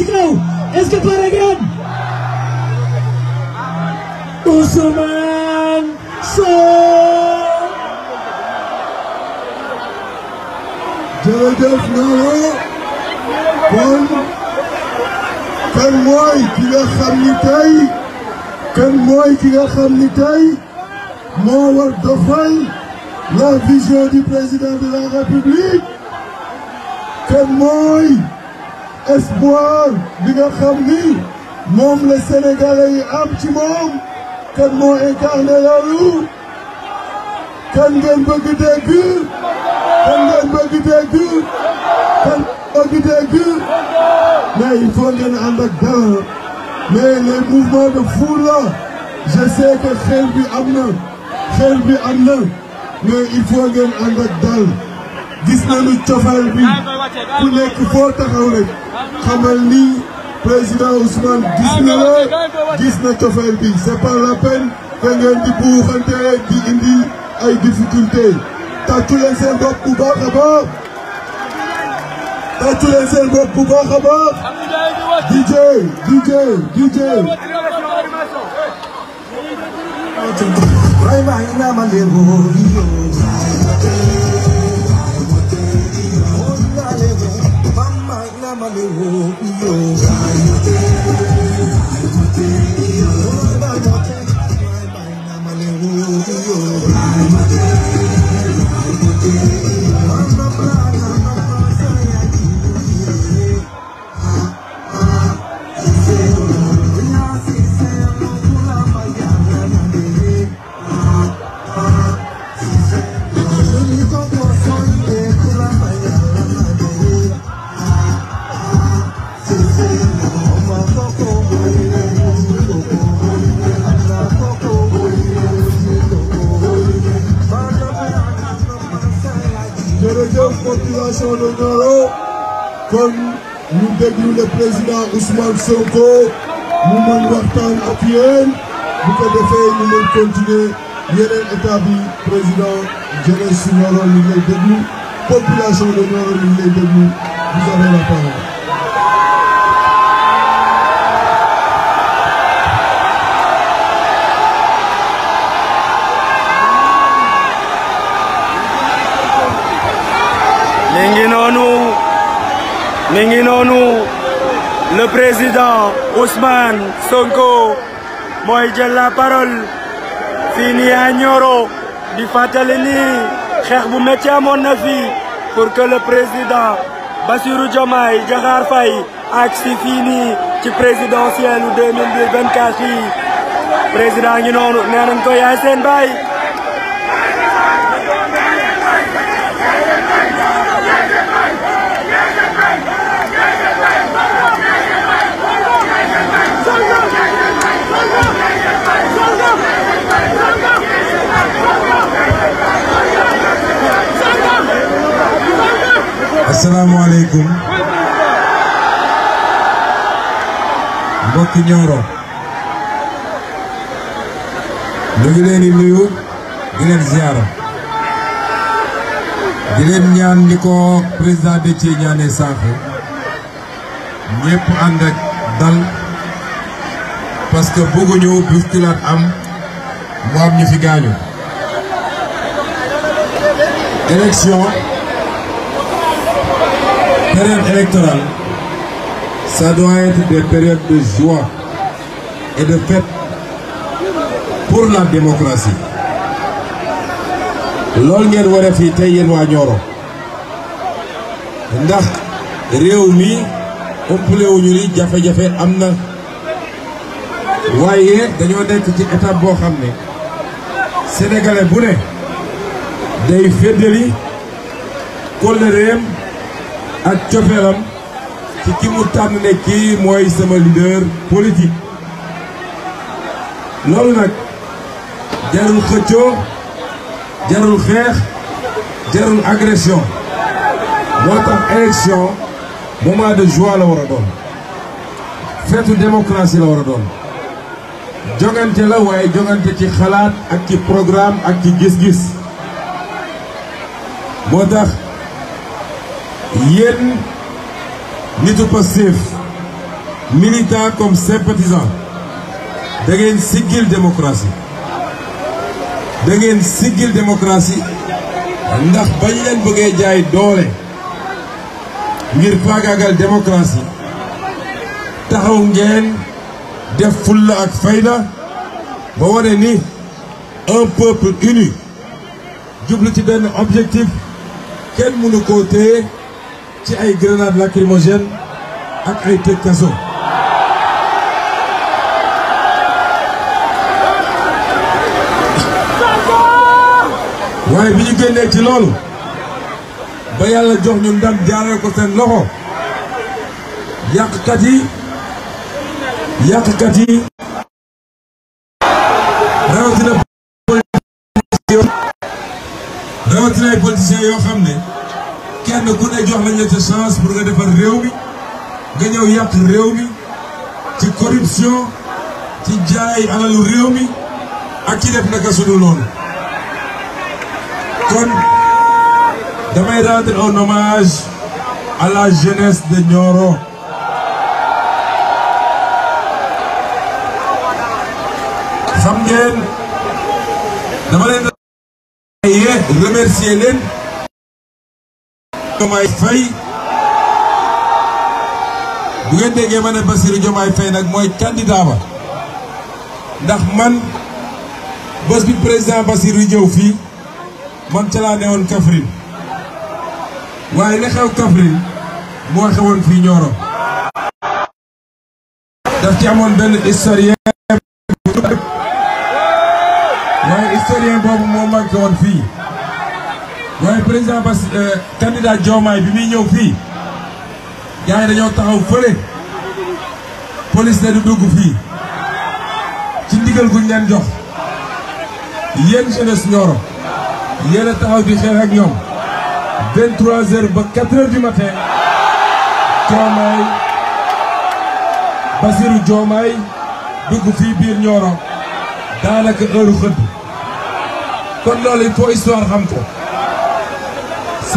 signal. let again. Usman Sol. Jajaf Nara dan moy ki nga xam ni tey kan mooy ki la vision du président de la république espoir bi nga xam ni moom la sénégalais yi am ci moom kan moo incarné loolu kan kan ngeen bëgg dégg kan bëgg dégg mais il faut ngeen ànd ak dara mais les mouvements de xel bi am na xel bi am na mais il faut ngeen ànd ak dal gis nañu cofeel bi ku nekk foo taxaw rek xamal ni président Ousmane gis Disney ah, la Ce n'est pas la peine que di buuxante di difficulté tàccu leen seen bopp bu baax a baax tàccu les DJ DJ DJ Rahimah ina maliru yo I'm a ó mi Comme nous ñu le président Ousmane Sonko nous nous waxtaan ak yéen nous ko Nous ñu continuer yeneen état président jeunesse Nioro il est nous population de Nioro ñu nous vous avez la parole. le président Ousmane Sonko moi je la parole fini à Nioro du Fatalini, je vous bu à mon avis pour que le président Bassirou Diomaye Diakhar Faye ak fini, fini, présidentiel présidentiel 2024 le président ngi dit, nee asalaamaaleykum mbokki Nioro ñu ngi leen di nuyu di leen ziara di leen président Déthié ñaane sànq ñëpp ànd ak dal parce que bëgguñu bousculade am mu am ñu fi gaañu élection période électorale, ça doit être des périodes de joie et de fête pour la démocratie. loolu ngeen war a fii tey yéen waa Nioro ndax réew mi ëppale wuñu ni jafe-jafe am na waaye dañoo nekk ci étape boo xam sénégalais bu ne day féddali kóllëreem ak cofeelam ci ki mu tànn kii mooy sama leader politique loolu nag jarul xëccoo jarul xeex jarul agression moo tax élection moment de joie la war a doon feetu démocratie la war a doon jogante la waaye jogante ci xalaat ak ci programme ak ci gis-gis moo tax yéen nitu Pastef militant comme sympathisant da ngeen siggil démocratie da ngeen siggil démocratie ndax bañ leen bëggee jaay doole ngir faagaagal démocratie taxaw ngeen def fulla ak fayda ba wane ni un peuple uni jublu ci benn objectif kenn mënu koo téye ci ay grenades lacrymogènes ak ay tëj kaso waaye bi ñu génnee ci loolu ba yàlla jox ñu ndam jaaree ko seen loxo yàqkat yi yàqkat yi rawatina rawatina ay politiciens yoo xam ne kenn ku ne jox nañ la ci chance pour nga defar réew mi nga ñëw yàq réew mi ci corruption ci jaay alalu réew mi ak ci def naka sunu loolu kon damay rendre un hommage à la jeunesse de Nioro xam ngeen dama leen remercier leen Diomaye Faye bu ngeen déggee ma ne Bassirou Diomaye Faye nag mooy candidat ba ndax man bés bi président Bassirou ñëw fii man ca laa newoon Kaffrine waaye li xew Kaffrine moo xewoon fii Nioro daf ci amoon benn historien waaye historien boobu moo manqué woon fii waaye président Bass candidat Diomaye bi muy ñëw fii gars yi dañoo taxaw fële police ne du dugg fii ci ndigal guñ leen jox yéen jeunesse Nioro yéen a taxaw di xeex ak ñoom 23 heures ba 4 heures du matin Diomaye Bassirou Diomaye dugg fii biir Nioro daanaka heure xëdd kon loolu il faut histoire xam ko.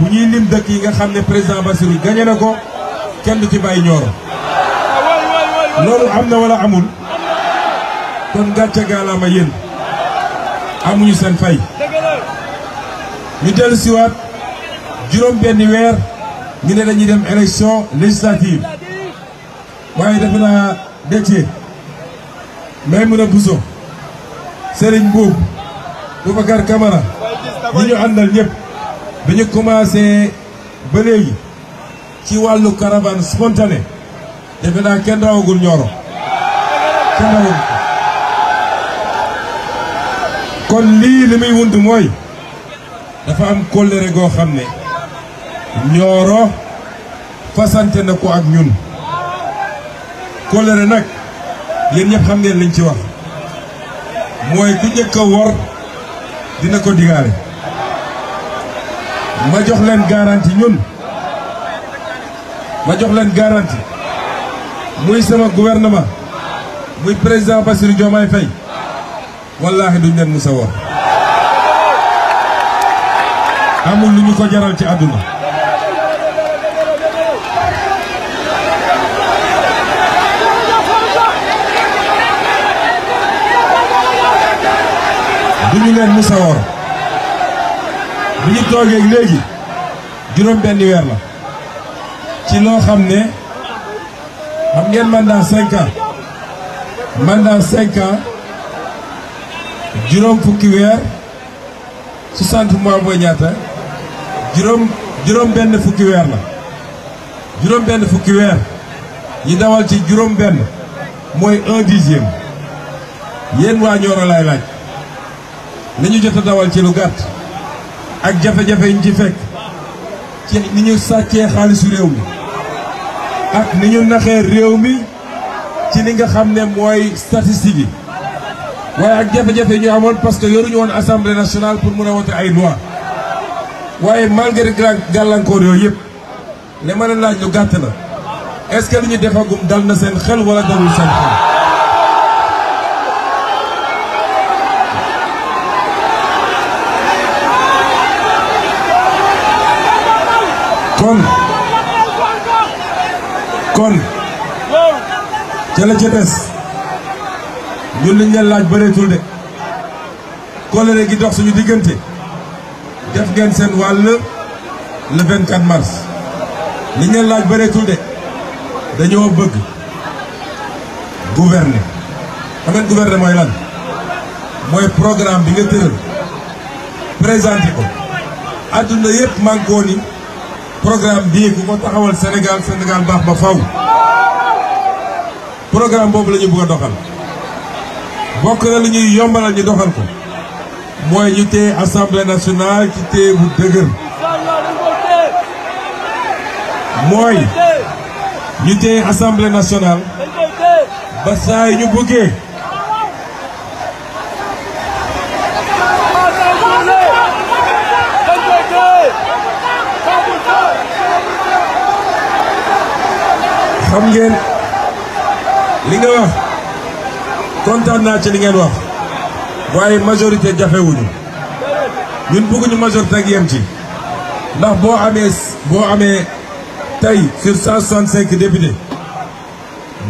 bu ñuy lim dëkk yi nga xam ne président Bassirou gagné na ko kenn du ci bàyyi Nioro loolu am na wala amul kon gàcce gaalaama yéen amuñu seen fay ñu dellu siwaat juróom benni weer ñu ne dañuy dem élection législative waaye defe naa na Maïmouna Bousso Serigne Mbuub Boubacar Camara ñi ñu àndal ñëpp bi ñu commencé ba léegi ci wàllu caravane spontané defe naa kenn rawagul Nioro kon lii li muy wund mooy dafa am kóllëre goo xam ne Nioro fasante na ko ak ñun kóllëre nag yéen ñëpp xam ngeen liñ ci wax mooy ku njëkk wor dina ko digaale ma jox leen garantie ñun ma jox leen garantie muy sama gouvernement muy président Bassirou Diomaye Faye wallaahi duñ leen musa woo jaral ci àdduna duñu leen musa bi ñu toogee léegi juróom benn weer la ci loo xam ne xam ngeen mandat cinq ans mandat cinq ans juróom fukki weer soixante mois mooy ñaata juróom juróom benn fukki weer la juróom benn fukki weer yi dawal ci juróom benn mooy un dixième yéen waa Nioro laay laaj li jot a dawal ci lu gàtt ak jafe-jafe yi ñu ci fekk ci ni ñu sàccee xaalisu réew mi ak ni ñu naxee réew mi ci ni nga xam ne mooy statistique yi waaye ak jafe-jafe yi ñu amoon parce que yoruñu woon assemblée nationale pour mën a wote ay loi waaye malgré gàllankoor yooyu yëpp li ma la laaj lu gàtt la est-ce que li ñu defagum dal na seen xel wala dalul seen xel. kon kon ca la ca des ñun liñ laaj bëreetul de kóllëre gi dox suñu diggante def ngeen seen wàll le 24 mars laaj bëreetul de dañoo bëgg gouverner xam ngeen gouverner mooy lan mooy programme bi nga tëral présenté ko adduna yëpp mànkoo programme bii ku ko taxawal Sénégal Sénégal baax ba faw boobu la ñu bëgg doxal bokk na lu ñuy yombalal ñi doxal ko mooy ñu téye assemblée nationale ci téye bu dëgër mooy ñu téye assemblée nationale ba ñu bëggee xam ngeen li nga wax kontaan naa ci li ngeen wax waaye majorité jafewuñu ñun bëgguñu majorité ak yem ci ndax boo amee boo amee tey sur 165 députés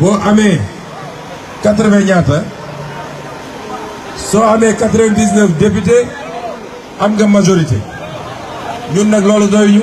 boo amee 80 ñaata soo amee 99 députés am nga majorité ñun nag loolu doyuñu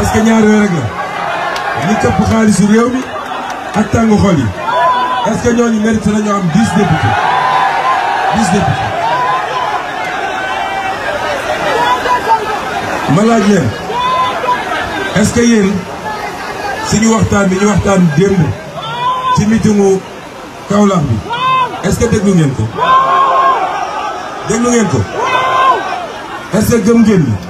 parce que ñaar yooyu rek la ñi këpp xaalisu réew mi ak tàngu xol yi est-ce que ñooñu mérite nañu am dix députés dix députés. ma laaj leen est-ce que yéen waxtaan bi ñu waxtaan démb ci mitingu Kaolack bi est déglu ngeen ko. déglu ngeen ko. est que gëm ngeen yi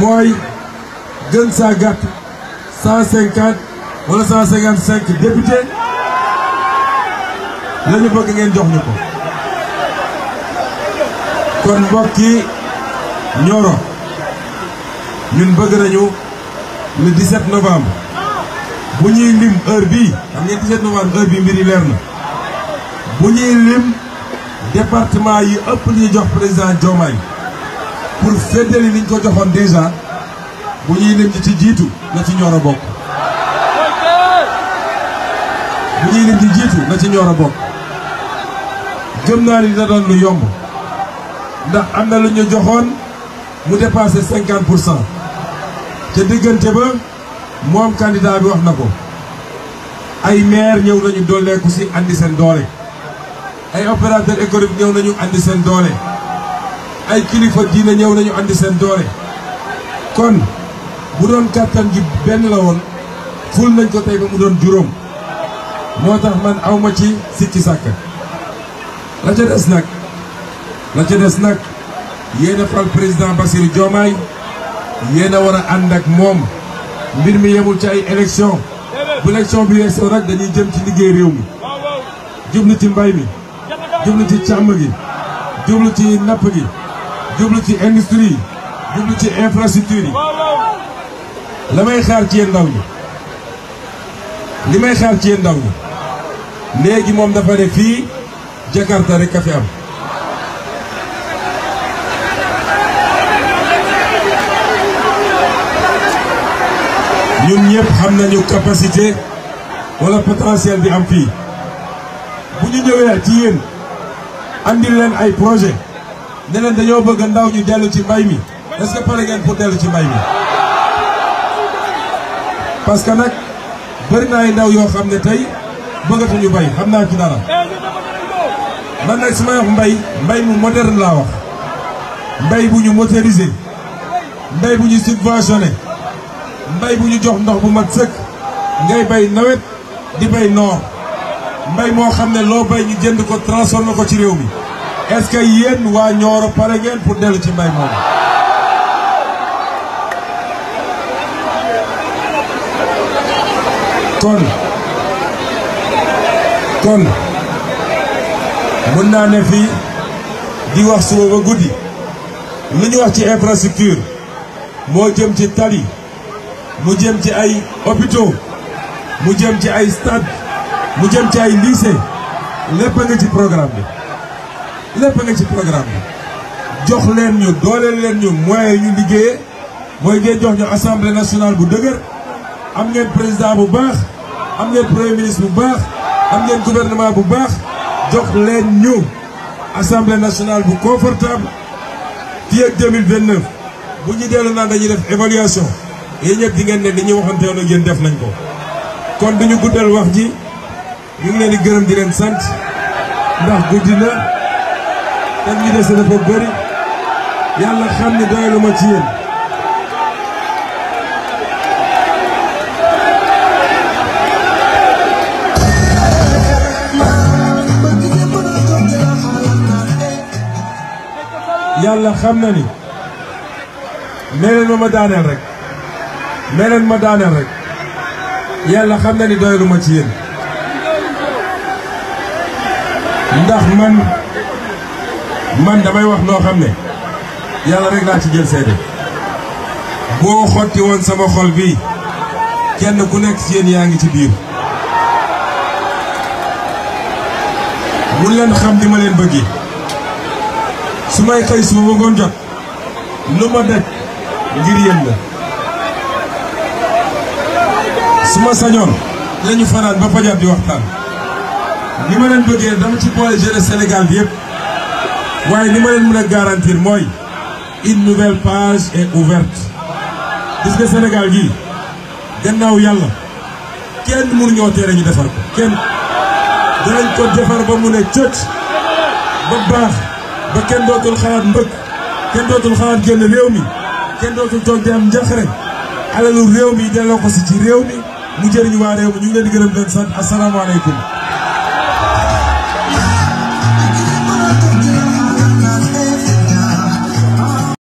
mooy gën saa gàtt cent cinquante wala cent cinquante cinq député la ñu ngeen jox ñu ko kon mbokk yi Nioro ñun bëgg nañu le 17 novembre bu ñuy lim heure bii xam ngeen 17 novembre heure bii mbir yi leer na bu ñuy lim département yi ëpp li ñu jox président Diomaye pour féddali liñ ko joxoon déjà bu ñuy lim di ci jiitu na ci ñor a bokk. bu ñuy lim di jiitu na ci ñor a bokk. gëm naa ni dina doon lu yomb ndax am na lu ñu joxoon mu dépassé cinquante pour cent te diggante ba moom candidat bi wax na ko ay maire ñëw nañu dooleeku si andi seen doole ay opérateur économique ñëw nañu andi seen doole. ay kilifa diine ñëw nañu andi seen doole kon bu doon kàttan ji benn la woon ful nañ ko tey ba mu doon juróom moo tax man awma ci sikki sàkk la ca des nag la ca des nag yéen a fal président Bassirou Diomaye yéen a war a ànd ak moom mbir mi yemul ci ay élection bu élection bi weesoo nag dañuy jëm ci liggéey réew mi jublu ci mbay mi jublu ci càmm gi jublu ci napp gi jublu ci industrie jublu ci infrastructure yi la may xaar ci yéen ndaw ñi li may xaar ci yéen ndaw ñi léegi moom dafa ne fii Jakarta rek ka fi am ñun ñëpp xam nañu capacité wala potentiel bi am fii bu ñu ñëwee ci yéen andi leen ay projet ne dañoo bëgg ndaw ñu dellu ci mbay mi est-ce que pare ngeen pour dellu ci mbay mi parce que nag bëri na ay ndaw yoo xam ne tey bëggatuñu bay xam naa ci dara man nag su wax mbay mbay mu moderne laa wax mbay bu ñu motorisé mbay bu ñu subventionné mbay bu ñu jox ndox bu mat sëkk ngay bay nawet di bay noor mbay moo xam ne loo bay ñu jënd ko transformé ko ci réew mi est-ce que yeen wa ñoro paré ngeen pour delu ci mbay mom kon kon mën na né fi di wax suba ba guddi lu ñu wax ci infrastructure mo jëm ci tali mu jëm ci ay hôpitaux mu jëm ci ay stade mu jëm ci ay lycée lépp nga ci programme bi lépp nga ci programme jox len ñu dooleel len ñu moyens ñu liggéeyee moy ngeen jox ñu assemblée nationale bu dëgër am ngeen président bu baax am ngeen premier ministre bu baax am ngeen gouvernement bu baax jox len ñu assemblée nationale bu confortable fii ak 2029 bu ñu dellu na dañuy def évaluation yéen ñepp di ngeen ne li ñuy waxanteewoon ak yéen def nañ ko. kon duñu guddal wax ji ñu ngi leen di gërëm di leen sant ndax guddi na. تمني ناس دا فبري يلا خمني دايلو ماتين يلا خمني ملن مدان رك ملن مدان رك يلا خمني man damay wax loo xam ne yàlla rek laa ci jël seede boo xotti woon sama xol bi kenn ku nekk ci yéen yaa ngi ci biir mu leen xam li ma leen bëggi su may xëy su ma ngoon jot lu ma daj ngir yéen la su ma sañoon lañu fanaan ba fajar di waxtaan li ma leen bëggee dama ci boole jeunesse senegal bi waaye li ma leen mën garantir mooy une nouvelle page est ouverte gis nga Sénégal gii gannaaw yàlla kenn mënu ñoo tere ñu defar ko kenn danañ ko defar ba mu ne cëcc ba baax ba kenn dootul xalaat mbëkk kenn dootul xalaat génn réew mi kenn dootul toog di am njaxare alalu réew mi delloo ko si ci réew mi mu jëriñ waa réew mi ñu ngi leen di gërëm leen sant asalaamaaleykum